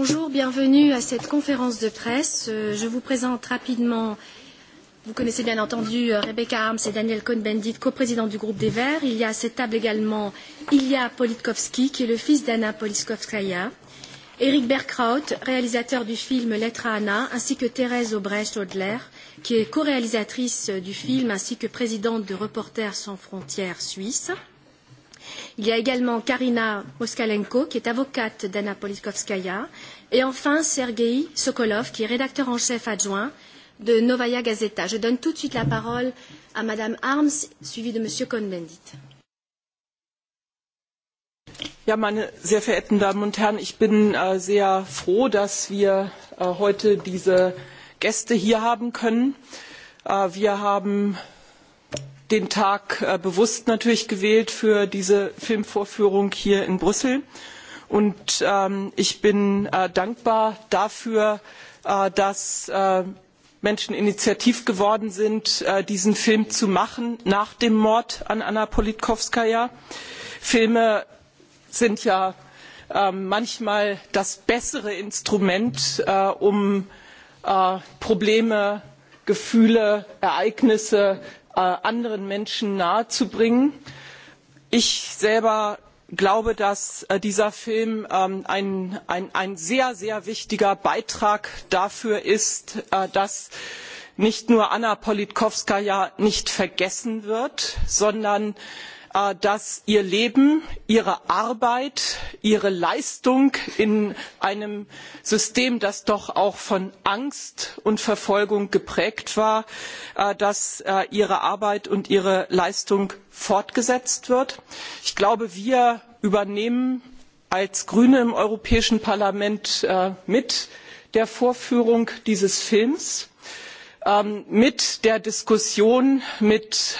Bonjour, bienvenue à cette conférence de presse. Euh, je vous présente rapidement, vous connaissez bien entendu euh, Rebecca Arms et Daniel Cohn-Bendit, coprésident du groupe des Verts. Il y a à cette table également Ilya Politkovski, qui est le fils d'Anna Politkovskaya. Eric Berkraut, réalisateur du film Lettre à Anna, ainsi que Thérèse Obrecht-Odler, qui est co-réalisatrice du film, ainsi que présidente de Reporters sans frontières suisse. Il y a également Karina Moskalenko, qui est avocate d'Anna Politkovskaya, euh, Et enfin, Sergei Sokolov, qui est rédacteur en chef adjoint de Novaya Gazeta. Je donne tout de suite la parole à Madame Arms, suivie de Monsieur Cohn-Bendit. Ja, meine sehr verehrten Damen und Herren, ich bin äh, sehr froh, dass wir äh, heute diese Gäste hier haben können. Äh, wir haben den Tag äh, bewusst natürlich gewählt für diese Filmvorführung hier in Brüssel und ähm, ich bin äh, dankbar dafür äh, dass äh, menschen initiativ geworden sind diesen film zu machen nach dem mord an anna politkowskaja. filme sind ja ähm, manchmal das bessere instrument um probleme gefühle ereignisse anderen menschen nahezubringen. ich selber glaube dass äh, dieser film ähm, ein sehr wichtiger beitrag dafür ist äh, dass nicht nur anna politkowskaja nicht vergessen wird sondern dass Äh, dass ihr leben ihre arbeit ihre leistung in einem system das doch auch von angst und verfolgung geprägt war äh, äh, ihre arbeit und ihre leistung fortgesetzt wird. ich glaube wir übernehmen als grüne im europäischen parlament mit der vorführung dieses films ähm, mit der diskussion mit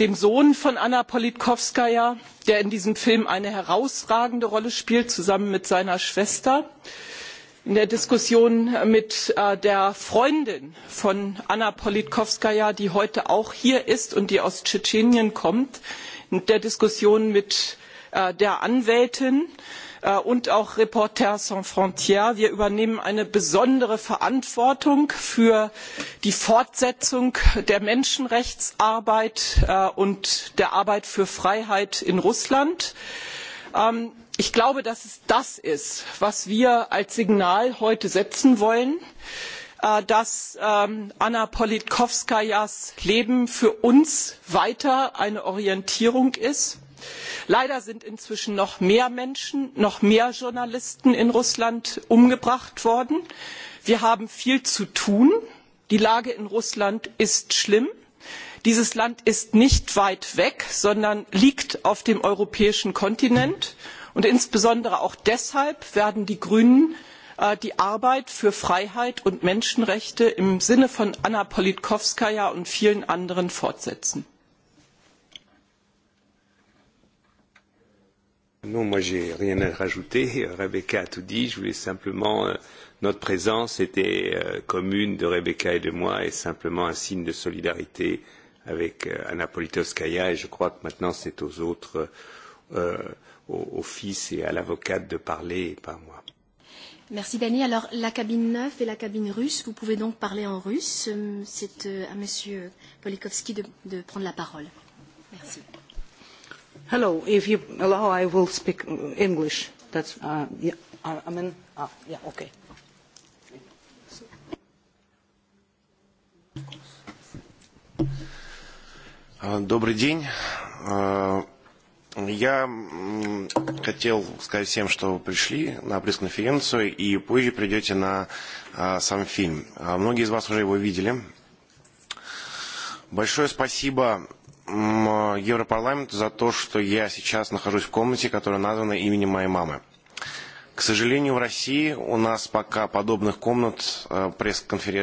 dem sohn von anna politkowskaja der in diesem film eine herausragende rolle spielt zusammen mit seiner schwester in der diskussion mit äh, der freundin von anna politkowskaja die heute auch hier ist und aus tschetschenien kommt in der diskussion mit äh, der anwältin Äh, und auch reporters sans frontires wir übernehmen eine besondere verantwortung für die fortsetzung der menschenrechtsarbeit äh, und der arbeit für freiheit in russland. Ähm, ich glaube dass es das ist was wir als signal heute setzen wollen äh, dass ähm, anna politkowskajas leben für uns weiter eine orientierung ist leider sind inzwischen noch mehr menschen noch mehr journalisten in russland umgebracht worden. wir haben viel zu tun. die lage in russland ist schlimm. dieses land ist nicht weit weg sondern liegt auf dem europäischen kontinent. und insbesondere auch deshalb werden die grünen äh, die arbeit für freiheit und menschenrechte im sinne von anna politkowskaja und vielen anderen fortsetzen. Non, moi j'ai rien à rajouter. Rebecca a tout dit. Je voulais simplement euh, notre présence était euh, commune de Rebecca et de moi et simplement un signe de solidarité avec euh, Anna Politowskaya. Et je crois que maintenant c'est aux autres, euh, au, au fils et à l'avocate de parler et pas moi. Merci Dany. Alors la cabine 9 et la cabine russe, vous pouvez donc parler en russe. C'est à Monsieur Polikovski de, de prendre la parole. Merci. Merci. Hello, if you allow, I will speak English. That's, uh, yeah, uh, I mean, ah, yeah, okay. Добрый день. Я хотел сказать всем, что вы пришли на пресс-конференцию и позже придете на сам фильм. Многие из вас уже его видели. Большое спасибо Европарламенту за то, что я сейчас нахожусь в комнате, которая названа именем моей мамы. К сожалению, в России у нас пока подобных комнат э,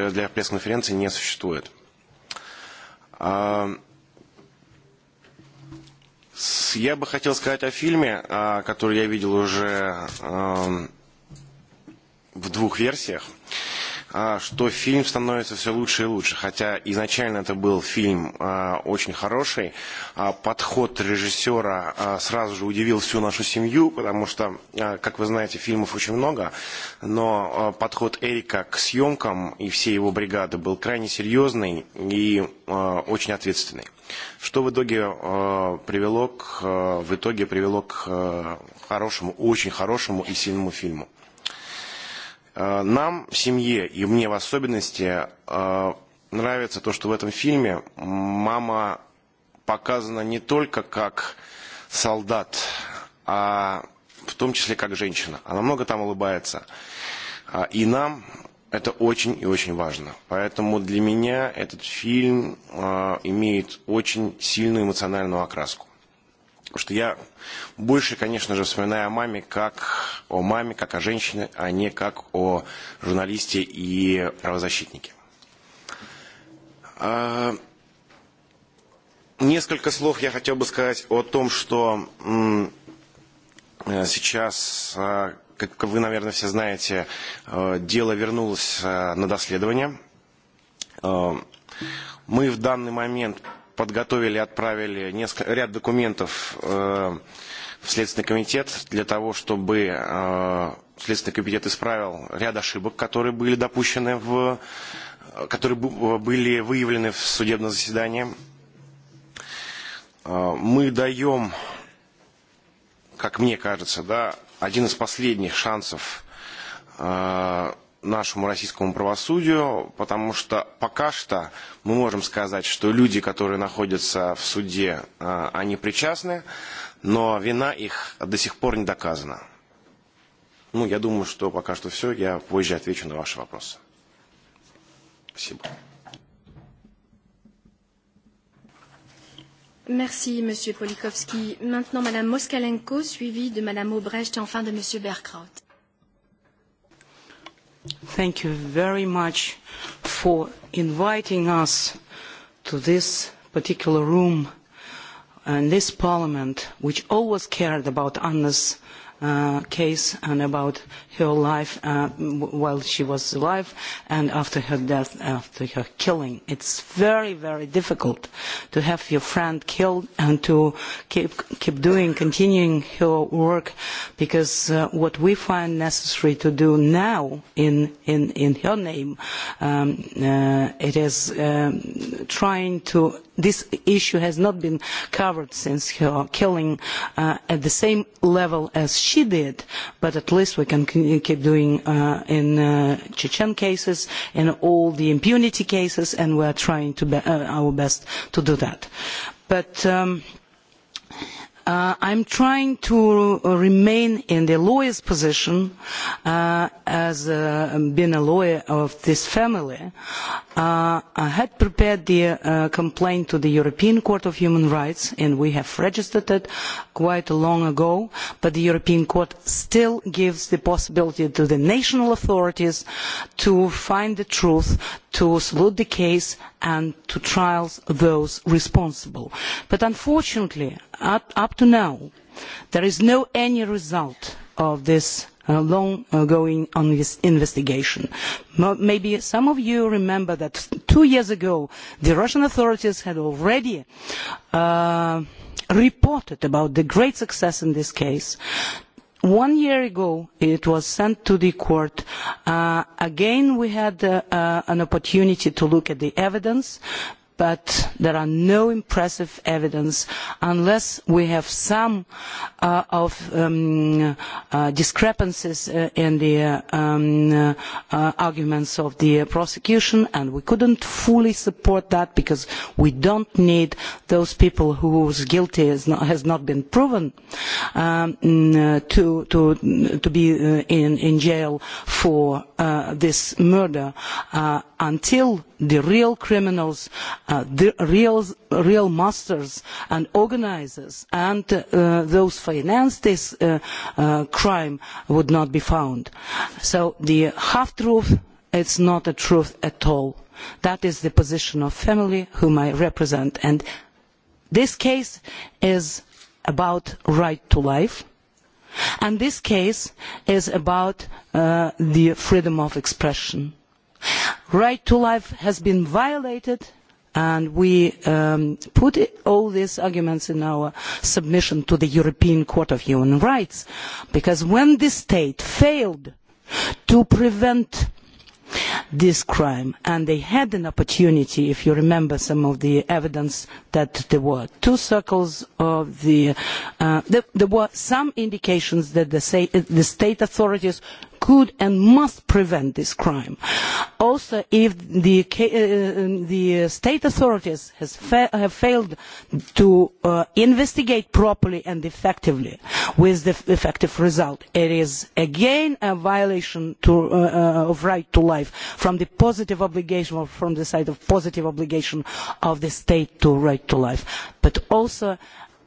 для пресс-конференции не существует. Я бы хотел сказать о фильме, который я видел уже в двух версиях что фильм становится все лучше и лучше. Хотя изначально это был фильм очень хороший. Подход режиссера сразу же удивил всю нашу семью, потому что, как вы знаете, фильмов очень много. Но подход Эрика к съемкам и всей его бригады был крайне серьезный и очень ответственный. Что в итоге, э, привело к, э, в итоге привело к э, хорошему, очень хорошему и сильному фильму. Э, нам в семье и мне в особенности э, нравится то, что в этом фильме мама показана не только как солдат, а в том числе как женщина. Она много там улыбается. Э, и нам это очень и очень важно. Поэтому для меня этот фильм имеет очень сильную эмоциональную окраску. Потому что я больше, конечно же, вспоминаю о маме как о маме, как о женщине, а не как о журналисте и правозащитнике. Несколько слов я хотел бы сказать о том, что э, сейчас, как вы, наверное, все знаете, э, дело вернулось э, на доследование. Мы в данный момент подготовили, отправили несколько, ряд документов э, в Следственный комитет для того, чтобы э, Следственный комитет исправил ряд ошибок, которые были допущены в которые э, были выявлены в судебном заседании. Э, мы даем, как мне кажется, да, один из последних шансов э, нашему российскому правосудию, потому что пока что мы можем сказать, что люди, которые находятся в суде, э, они причастны, но вина их до сих пор не доказана. Ну, я думаю, что пока что все, я позже отвечу на ваши вопросы. Спасибо. Merci, Monsieur Polikowski. Maintenant, Madame Moskalenko, suivie de Madame Obrecht et enfin de Monsieur Berkraut. Thank you very much for inviting us to this particular room and this parliament, which always cared about Anna's uh, uh, case and about her life uh, w- while she was alive and after her death, after her killing. It's very, very difficult to have your friend killed and to keep, keep doing, continuing her work because uh, what we find necessary to do now in, in, in her name, um, uh, it is um, trying to this issue has not been covered since her killing uh, at the same level as she did, but at least we can keep doing uh, in uh, Chechen cases and all the impunity cases, and we are trying to be- uh, our best to do that. But. Um, Uh, i am trying to remain in the lawyer's position uh, as i have uh, been a lawyer of this family. i had prepared the complaint to the european court of human rights and we have registered it quite long ago but the european court still gives the possibility to the national authorities to find the truth to split the case and to trial those responsible. But unfortunately, up, up to now, there is no any result of this uh, long-going uh, investigation. Maybe some of you remember that two years ago, the Russian authorities had already uh, reported about the great success in this case one year ago it was sent to the court uh, again we had uh, an opportunity to look at the evidence but there is no impressive evidence unless we have some uh, um, uh, discrepancies uh, in the um, arguments of the prosecution and we could not fully support that because we do not need those people whose guilt has not been proven um, to be in jail for this murder until the real criminals Uh, the real real masters and organizers and uh, those financed this uh, uh, crime would not be found so the half truth it's not a truth at all that is the position of family whom i represent and this case is about right to life and this case is about uh, the freedom of expression right to life has been violated and we um, put all these arguments in our submission to the European Court of Human Rights because when the state failed to prevent this crime and they had an opportunity if you remember some of the evidence that there were two circles of the uh, there, there were some indications that the, say, the state authorities could and must prevent this crime. Also, if the, uh, uh, the uh, state authorities has fa have failed to uh, investigate properly and effectively with the effective result, it is again a violation to, uh, uh, of right to life from the positive obligation or from the side of positive obligation of the state to right to life. But also,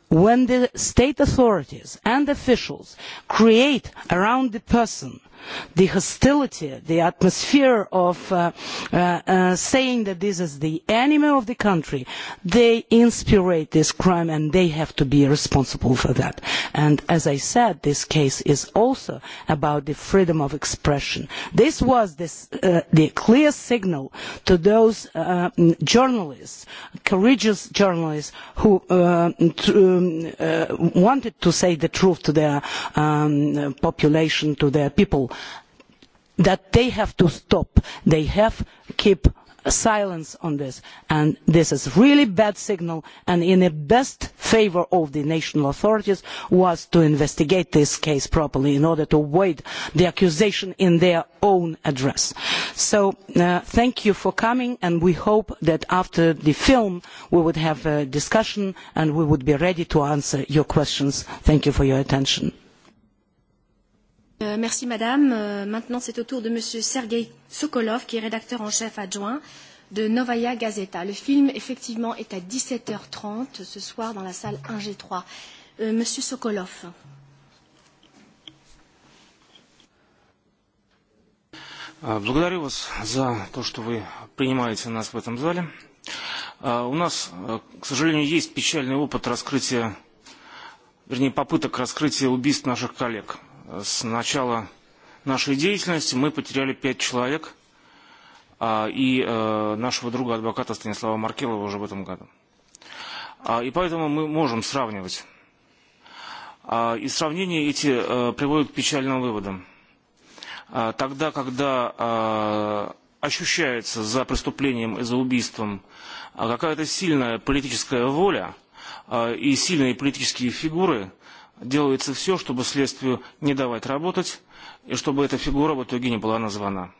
when the state authorities and officials create around the person the hostility, the atmosphere of uh, uh, uh, saying that this is the enemy of the country, they inspire this crime and they have to be responsible for that. And as I said, this case is also about the freedom of expression. This was this, uh, the clear signal to those uh, journalists, courageous journalists who uh, um, to, um, uh, wanted to say the truth to their um, population, to their people that they have to stop. They have to keep silence on this. And this is really bad signal. And in the best favor of the national authorities was to investigate this case properly in order to avoid the accusation in their own address. So uh, thank you for coming. And we hope that after the film, we would have a discussion and we would be ready to answer your questions. Thank you for your attention. Euh, merci Madame. Euh, maintenant, c'est au tour de Monsieur Sergei Sokolov, qui est rédacteur en chef adjoint de Novaya Gazeta. Le film, effectivement, est à 17h30 ce soir dans la salle 1G3. Euh, Monsieur Sokolov. Э, благодарю вас за то, что вы принимаете нас в этом зале. Э, у нас, э, к сожалению, есть печальный опыт раскрытия, вернее, попыток раскрытия убийств наших коллег. Э, с начала нашей деятельности мы потеряли пять человек и э, нашего друга адвоката Станислава Маркелова уже в этом году. И поэтому мы можем сравнивать. И сравнения эти э, приводят к печальным выводам. Тогда, когда ощущается за преступлением и за убийством какая-то сильная политическая воля и сильные политические фигуры, делается все чтобы следствию не давать работать и чтобы эта фигура в итоге не была названа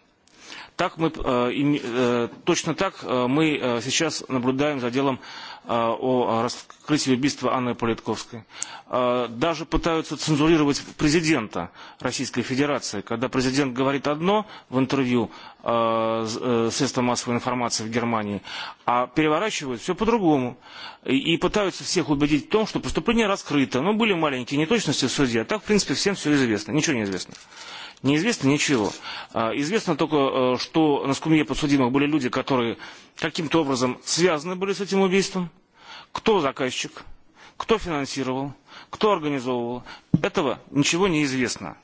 так мы э, им, э, точно так э, мы э, сейчас наблюдаем за делом э, о раскрытии убийства Анны Политковской. Э, даже пытаются цензурировать президента Российской Федерации, когда президент говорит одно в интервью э, э средства массовой информации в Германии, а переворачивают все по-другому. И, и пытаются всех убедить в том, что преступление раскрыто. Но были маленькие неточности в суде, а так, в принципе, всем все известно. Ничего не известно. Неизвестно ничего. Известно только, э, что на скамье подсудимых были люди, которые каким-то образом связаны были с этим убийством. Кто заказчик? Кто финансировал? кто организовывал этого ничего не известно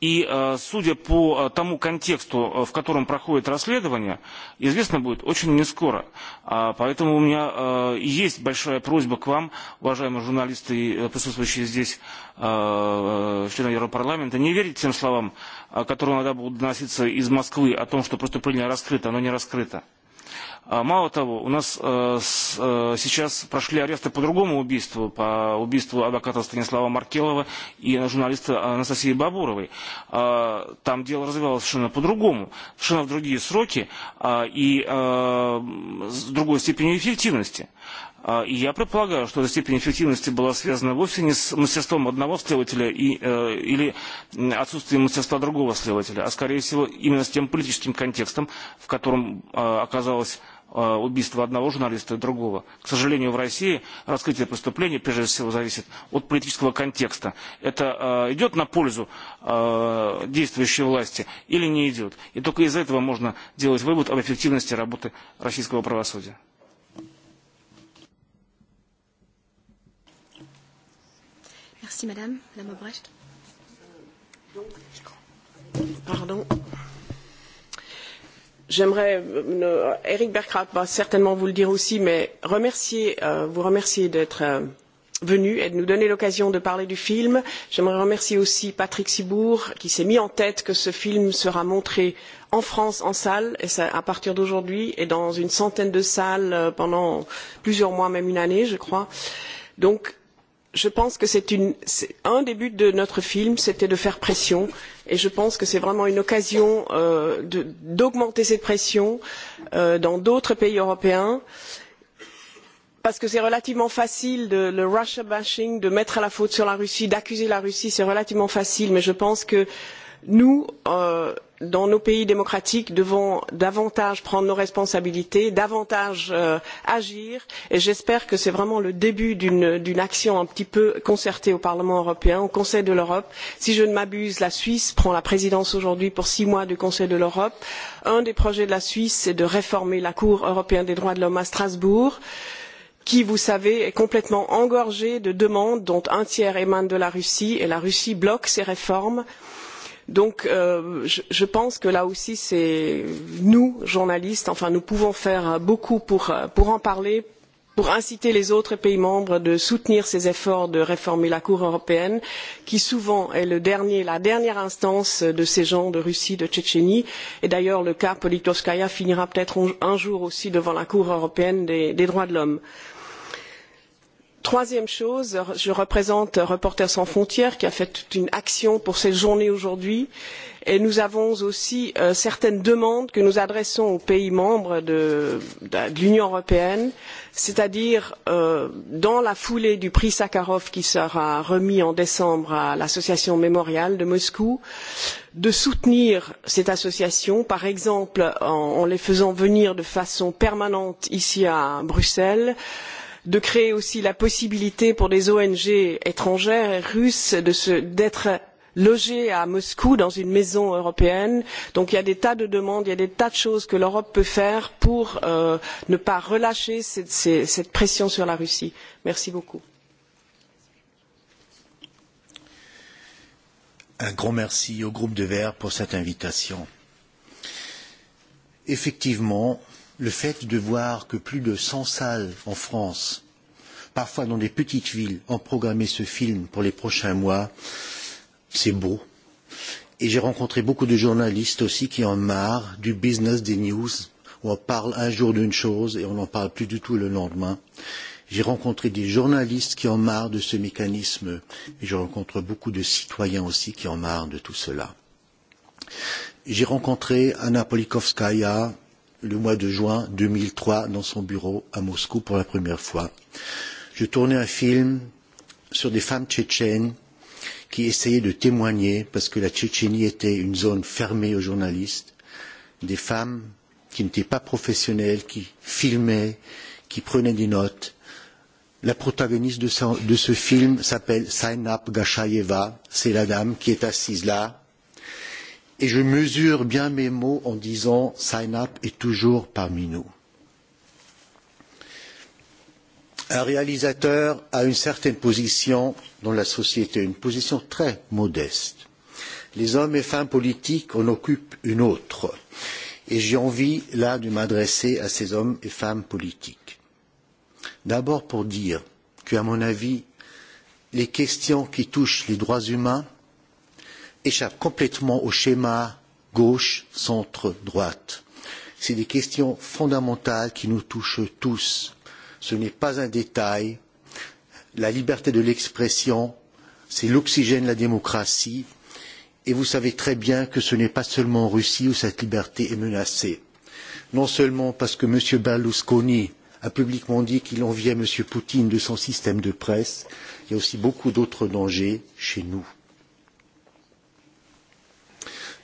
и э, судя по э, тому контексту э, в котором проходит расследование известно будет очень не скоро поэтому у меня есть большая просьба к вам уважаемые журналисты присутствующие здесь члены европарламента не верить тем словам которые иногда будут доноситься из москвы о том что преступление раскрыто оно не раскрыто Мало того, у нас э, э, сейчас прошли аресты по другому убийству, по убийству адвоката Станислава Маркелова и журналиста Анастасии Бабуровой. Там дело развивалось совершенно по-другому, совершенно в другие сроки и э, с другой степенью эффективности. И я предполагаю, что эта степень эффективности была связана вовсе не с мастерством одного следователя и, э, или отсутствием мастерства другого следователя, а, скорее всего, именно с тем политическим контекстом, в котором э, оказалась Э, убийство одного журналиста и другого. К сожалению, в России раскрытие преступлений, прежде всего, зависит от политического контекста. Это э, идет на пользу э, действующей власти или не идет? И только из этого можно делать вывод об эффективности работы российского правосудия. Merci, madame. La Pardon. J'aimerais, euh, euh Eric Berkrat va certainement vous le dire aussi, mais remercier, euh, vous remercier d'être euh, venu et de nous donner l'occasion de parler du film. J'aimerais remercier aussi Patrick Sibour qui s'est mis en tête que ce film sera montré en France en salle et ça, à partir d'aujourd'hui et dans une centaine de salles euh, pendant plusieurs mois, même une année, je crois. Donc, je pense que un des buts de notre film était de faire pression et je pense que c'est vraiment une occasion euh, d'augmenter cette pression euh, dans d'autres pays européens parce que c'est relativement facile de le russia bashing de mettre la faute sur la russie d'accuser la russie c'est relativement facile mais je pense que nous euh, dans nos pays démocratiques devons davantage prendre nos responsabilités davantage euh, agir et j'espère que c'est vraiment le début d'une action un petit peu concertée au parlement européen au conseil de l'europe. si je ne m'abuse la suisse prend la présidence aujourd'hui pour six mois du conseil de l'europe. un des projets de la suisse est de réformer la cour européenne des droits de l'homme à strasbourg qui vous le savez est complètement engorgée de demandes dont un tiers émane de la russie et la russie bloque ces réformes donc euh, je pense que là aussi c'est nous journalistes enfin nous pouvons faire beaucoup pour euh, en parler pour inciter les autres pays membres à soutenir ces efforts de réformer la cour européenne qui souvent est la dernière instance de ces gens de russie de tchétchénie et d'ailleurs le cas politkovskaya finira peut être un jour aussi devant la cour européenne des droits de l'homme. Troisième chose, je représente Reporters sans frontières qui a fait toute une action pour cette journée aujourd'hui. Et nous avons aussi euh, certaines demandes que nous adressons aux pays membres de, de, de l'Union européenne, c'est-à-dire euh, dans la foulée du prix Sakharov qui sera remis en décembre à l'association mémoriale de Moscou, de soutenir cette association, par exemple en, en les faisant venir de façon permanente ici à Bruxelles, de créer aussi la possibilité pour des ong étrangères et russes d'être logées à moscou dans une maison européenne. donc il y a des tas de demandes il y a des tas de choses que l'europe peut faire pour euh, ne pas relâcher cette pression sur la russie. merci beaucoup. Un grand merci au groupe de Verts pour cette invitation. Effectivement, le fait de voir que plus de 100 salles en France, parfois dans des petites villes, ont programmé ce film pour les prochains mois, c'est beau. Et j'ai rencontré beaucoup de journalistes aussi qui en marre du business des news, où on parle un jour d'une chose et on n'en parle plus du tout le lendemain. J'ai rencontré des journalistes qui en marrent de ce mécanisme et je rencontre beaucoup de citoyens aussi qui en marrent de tout cela. J'ai rencontré Anna Polikovskaya, le mois de juin 2003 dans son bureau à Moscou pour la première fois. Je tournais un film sur des femmes tchétchènes qui essayaient de témoigner parce que la Tchétchénie était une zone fermée aux journalistes, des femmes qui n'étaient pas professionnelles, qui filmaient, qui prenaient des notes. La protagoniste de ce, de ce film s'appelle Sainap Gashayeva. C'est la dame qui est assise là, et je mesure bien mes mots en disant Sainap est toujours parmi nous. Un réalisateur a une certaine position dans la société, une position très modeste. Les hommes et femmes politiques en occupent une autre. Et j'ai envie là de m'adresser à ces hommes et femmes politiques. D'abord pour dire qu'à mon avis, les questions qui touchent les droits humains échappe complètement au schéma gauche, centre, droite. C'est des questions fondamentales qui nous touchent tous. Ce n'est pas un détail. La liberté de l'expression, c'est l'oxygène de la démocratie. Et vous savez très bien que ce n'est pas seulement en Russie où cette liberté est menacée. Non seulement parce que M. Berlusconi a publiquement dit qu'il enviait M. Poutine de son système de presse, il y a aussi beaucoup d'autres dangers chez nous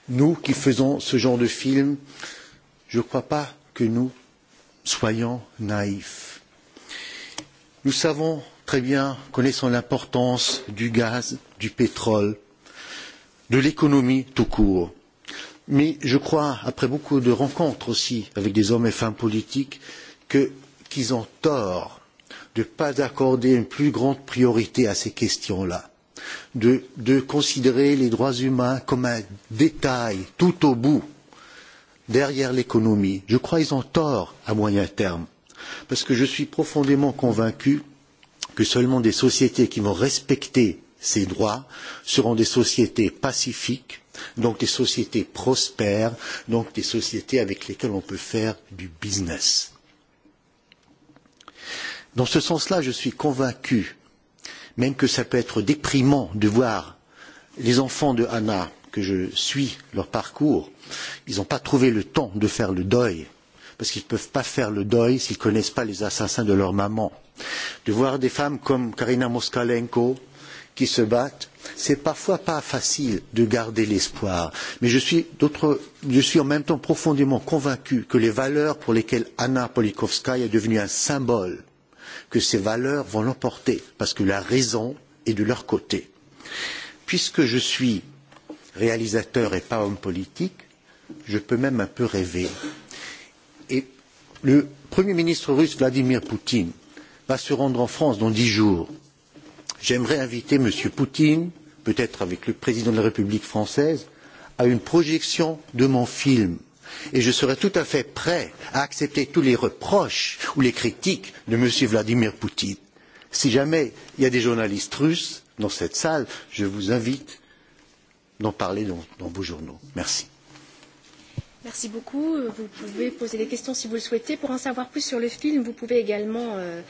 nous qui faisons ce genre de film, je ne crois pas que nous soyons naïfs. Nous savons très bien, connaissant l'importance du gaz, du pétrole, de l'économie tout court. Mais je crois, après beaucoup de rencontres aussi avec des hommes et femmes politiques, qu'ils qu ont tort de ne pas accorder une plus grande priorité à ces questions-là de, de considérer les droits humains comme un détail tout au bout derrière l'économie. Je crois qu'ils ont tort à moyen terme, parce que je suis profondément convaincu que seulement des sociétés qui vont respecter ces droits seront des sociétés pacifiques, donc des sociétés prospères, donc des sociétés avec lesquelles on peut faire du business. Dans ce sens-là, je suis convaincu même que ça peut être déprimant de voir les enfants de Hannah, que je suis leur parcours, ils n'ont pas trouvé le temps de faire le deuil, parce qu'ils ne peuvent pas faire le deuil s'ils ne connaissent pas les assassins de leur maman. De voir des femmes comme Karina Moskalenko qui se battent, c'est parfois pas facile de garder l'espoir. Mais je suis, je suis en même temps profondément convaincu que les valeurs pour lesquelles Anna Polikovskaya est devenue un symbole, que ces valeurs vont l'emporter, parce que la raison est de leur côté. Puisque je suis réalisateur et pas homme politique, je peux même un peu rêver. Et le Premier ministre russe Vladimir Poutine va se rendre en France dans dix jours. J'aimerais inviter M. Poutine, peut-être avec le président de la République française, à une projection de mon film et je serais tout à fait prêt à accepter tous les reproches ou les critiques de M. Vladimir Poutine. Si jamais il y a des journalistes russes dans cette salle, je vous invite d'en parler dans, dans vos journaux. Merci. Merci beaucoup. Vous pouvez poser des questions si vous le souhaitez. Pour en savoir plus sur le film, vous pouvez également euh,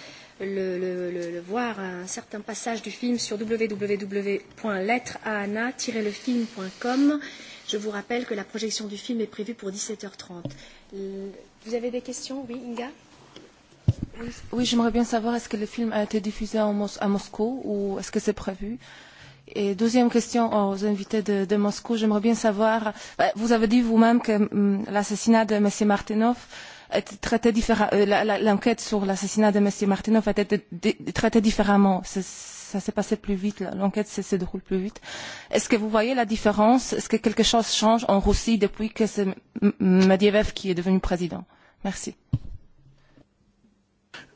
le, le, le, le voir un certain passage du film sur www.lettreana-lefilm.com. Je vous rappelle que la projection du film est prévue pour 17h30. Vous avez des questions Oui, Inga Oui, oui j'aimerais bien savoir est-ce que le film a été diffusé en Mos à Moscou ou est-ce que c'est prévu et deuxième question aux invités de, de Moscou. J'aimerais bien savoir, vous avez dit vous-même que l'assassinat de M. Martinov euh, être traité différemment. Euh, l'enquête sur l'assassinat de M. Martinov a été traitée différemment. Ça s'est passé plus vite, l'enquête se déroule plus vite. Est-ce que vous voyez la différence Est-ce que quelque chose change en Russie depuis que c'est Medvedev qui est devenu président Merci.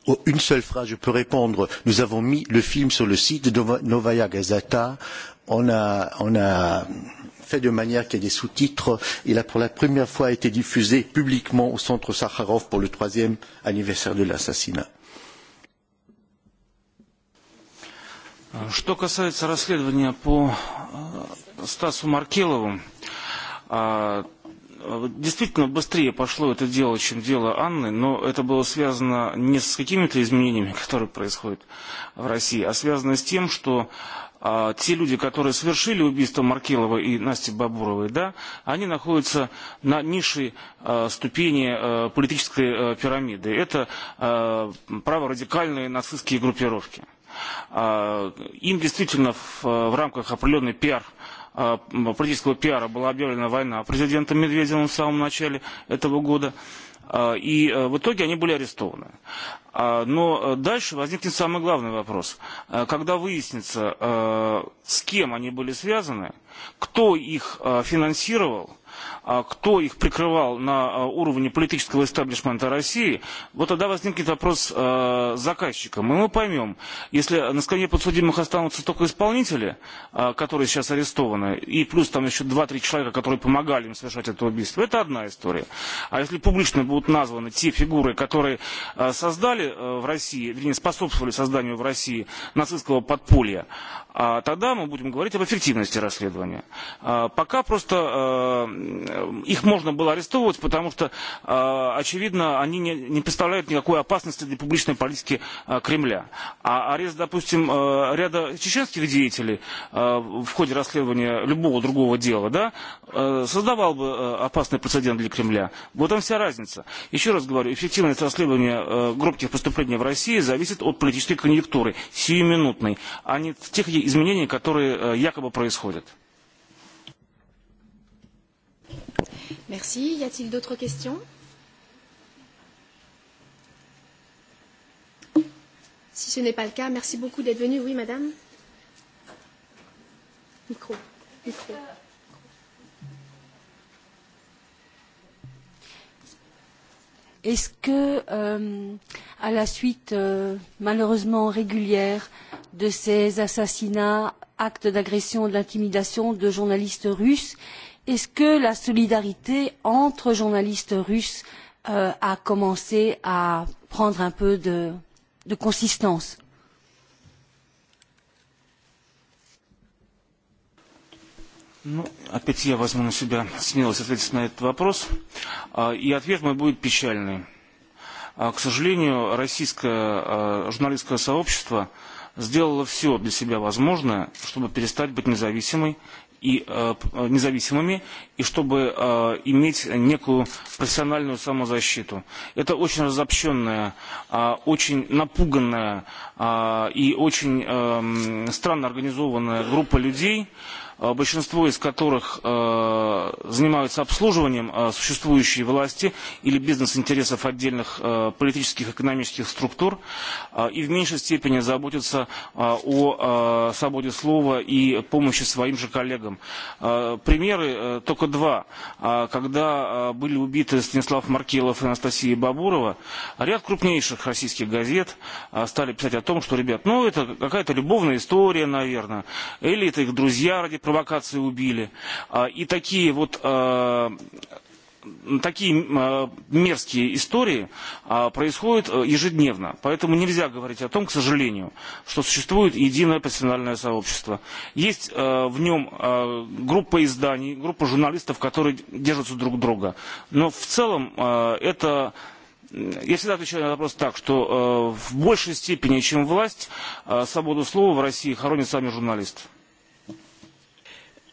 Oh, une seule phrase, je peux répondre. Nous avons mis le film sur le site de Novaya Gazeta. On a, on a fait de manière qu'il y ait des sous-titres. Il a pour la première fois été diffusé publiquement au centre Sakharov pour le troisième anniversaire de l'assassinat. Что касается расследования по э, Стасу Маркелову, действительно быстрее пошло это дело, чем дело Анны, но это было связано не с какими-то изменениями, которые происходят в России, а связано с тем, что а те люди, которые совершили убийство Маркелова и Насти Бабуровой, да, они находятся на низшей э, ступени э, политической э, пирамиды. Это э, праворадикальные нацистские группировки. Э, им действительно в, э, в рамках определенной пиар э, политического пиара была объявлена война президентом Медведевым в самом начале этого года. И э, в итоге они были арестованы. Но э, дальше возникнет самый главный вопрос. Э, когда выяснится, с кем они были связаны, кто их финансировал, кто их прикрывал на уровне политического эстаблишмента России, вот тогда возникнет вопрос заказчикам. И мы поймем, если на скамье подсудимых останутся только исполнители, которые сейчас арестованы, и плюс там еще 2-3 человека, которые помогали им совершать это убийство, это одна история. А если публично будут названы те фигуры, которые создали в России, вернее, способствовали созданию в России нацистского подполья, тогда мы будем говорить об эффективности расследования. Пока просто Э, их можно было арестовывать, потому что, э, очевидно, они не представляют никакой опасности для публичной политики э, Кремля. А арест, допустим, ряда чеченских деятелей в ходе расследования любого другого дела, да, создавал бы опасный прецедент для Кремля. Вот там вся разница. Еще раз говорю, эффективность расследования громких преступлений в России зависит от политической конъюнктуры, сиюминутной, а не тех изменений, которые якобы происходят. Merci. Y a-t-il d'autres questions Si ce n'est pas le cas, merci beaucoup d'être venu. Oui, madame Micro. Micro. Est-ce que, euh, à la suite euh, malheureusement régulière de ces assassinats, actes d'agression, d'intimidation de journalistes russes, est ce que la solidarité entre journalistes russes euh, a commencé à prendre un peu de, de consistance? Ну, опять я возьму на себя смелость ответить на этот вопрос. И ответ мой будет печальный. К сожалению, российское журналистское сообщество сделала все для себя возможное, чтобы перестать быть независимой и, э, э, независимыми и чтобы э, иметь некую профессиональную самозащиту. Это очень разобщенная, э, очень напуганная э, и очень э, странно организованная группа людей, Э, большинство из которых э, занимаются обслуживанием э, существующей власти или бизнес-интересов отдельных э, политических и экономических структур, э, и в меньшей степени заботятся э, о э, свободе слова и помощи своим же коллегам. Э, примеры э, только два. Э, когда э, были убиты Станислав Маркелов и Анастасия Бабурова, ряд крупнейших российских газет э, стали писать о том, что, ребят, ну это какая-то любовная история, наверное, или это их друзья ради провокации убили. И такие вот такие мерзкие истории происходят э, ежедневно. Поэтому нельзя говорить о том, к сожалению, что существует единое профессиональное сообщество. Есть э, в нем э, группа изданий, группа журналистов, которые держатся друг друга. Но в целом это... Я всегда отвечаю на вопрос так, что э, в большей степени, чем власть, э, свободу слова в России хоронят сами журналисты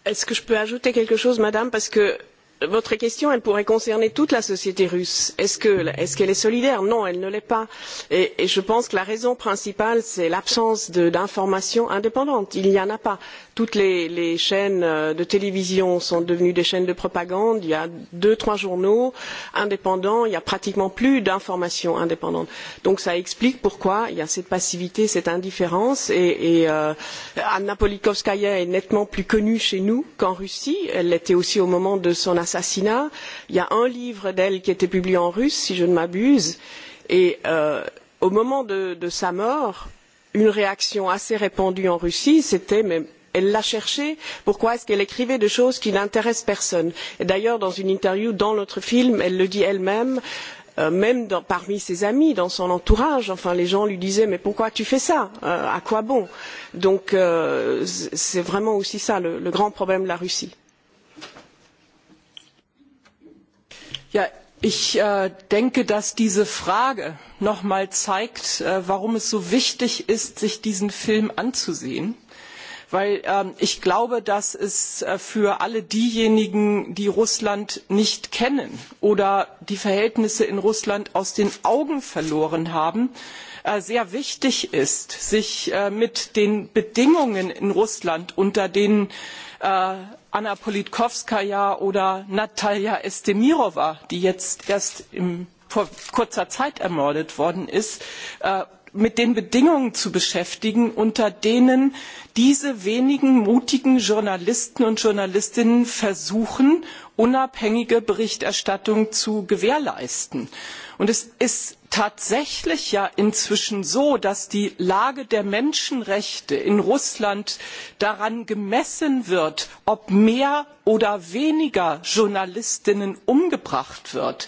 est ce que je peux ajouter quelque chose madame parce que votre question elle pourrait concerner toute la société russe. est ce qu'elle est, qu est solidaire? non elle ne l'est pas et, et je pense que la raison principale c'est l'absence d'informations indépendantes. il n'y en a pas. toutes les, les chaînes euh, de télévision sont devenues des chaînes de propagande il y a deux trois journaux indépendants il n'y a pratiquement plus d'informations indépendantes. donc ça explique pourquoi il y a cette passivité cette indifférence et, et euh, anna politkovskaya est nettement plus connue chez nous qu'en russie. elle l'était aussi au moment de son assassinat. Il y a un livre d'elle qui a été publié en russe, si je ne m'abuse. Et euh, au moment de, de sa mort, une réaction assez répandue en Russie, c'était mais elle l'a cherchée, pourquoi est-ce qu'elle écrivait des choses qui n'intéressent personne Et d'ailleurs, dans une interview dans notre film, elle le dit elle-même. Euh, même dans, parmi ses amis, dans son entourage, enfin, les gens lui disaient Mais pourquoi tu fais ça euh, À quoi bon Donc, euh, c'est vraiment aussi ça le, le grand problème de la Russie. Ja, ich äh, denke dass diese frage noch einmal zeigt äh, warum es so wichtig ist sich diesen film anzusehen denn ähm, ich glaube dass es äh, für alle diejenigen die russland nicht kennen oder die verhältnisse in russland aus den augen verloren haben sehr wichtig ist sich mit den bedingungen in russland unter denen anna politkowskaja oder natalja estemirowa die jetzt erst vor kurzer zeit ermordet worden ist äh, mit den bedingungen zu beschäftigen unter denen diese wenigen mutigen journalisten und journalistinnen versuchen unabhängige berichterstattung zu gewährleisten. es ist tatsächlich ja inzwischen so dass die lage der menschenrechte in russland daran gemessen wird ob mehr oder weniger journalistinnen umgebracht werden.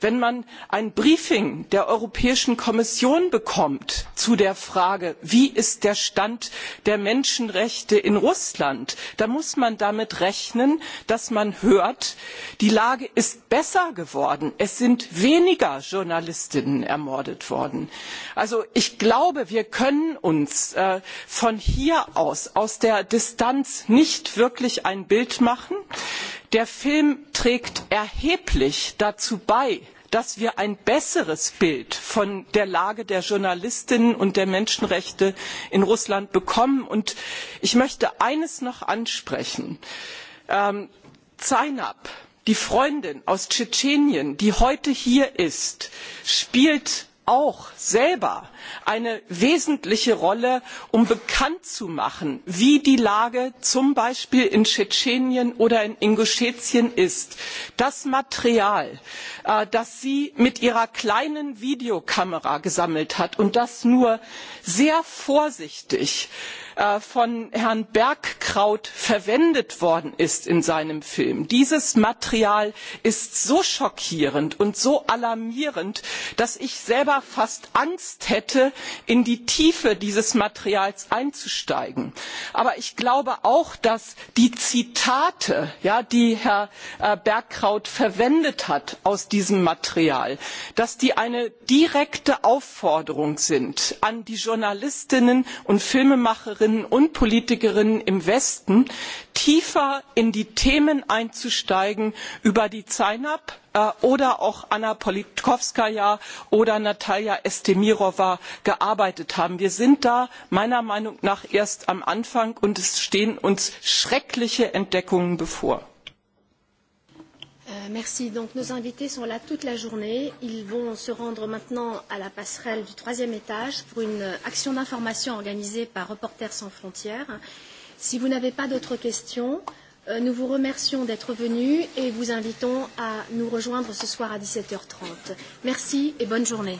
wenn man ein briefing der europäischen kommission bekommt zu der frage wie ist der stand der menschenrechte in russland dann muss man damit rechnen dass man hört die lage ist besser geworden es sind weniger journalistinnen ermordet worden. also ich glaube wir können uns äh, von hier aus aus der distanz nicht wirklich ein bild machen. der film trägt erheblich dazu bei dass wir ein besseres bild von der lage der journalistinnen und der menschenrechte in russland bekommen. und ich möchte eines noch ansprechen ähm, zainab die freundin aus tschetschenien die heute hier ist spielt auch selber eine wesentliche rolle um bekannt zu machen wie die lage zum beispiel in tschetschenien oder in inguschetien ist. das material äh, das sie mit ihrer kleinen videokamera gesammelt hat und das nur sehr vorsichtig Äh, von herrn bergkraut verwendet worden ist in seinem film. dieses material ist so schockierend und so alarmierend dass ich selber fast angst hätte in die tiefe dieses materials einzusteigen. aber ich glaube auch dass die zitate ja, die herr äh, bergkraut verwendet hat aus diesem material eine direkte aufforderung sind an die journalistinnen und filmemacher politikerinnen und politikerinnen im westen tiefer in die themen einzusteigen über die zajnab äh, oder auch anna politkowskaja oder natalja estemirowa gearbeitet haben. wir sind da meiner meinung nach erst am anfang und es stehen uns schreckliche entdeckungen bevor. Euh, merci. Donc nos invités sont là toute la journée. Ils vont se rendre maintenant à la passerelle du troisième étage pour une action d'information organisée par Reporters sans frontières. Si vous n'avez pas d'autres questions, euh, nous vous remercions d'être venus et vous invitons à nous rejoindre ce soir à 17h30. Merci et bonne journée.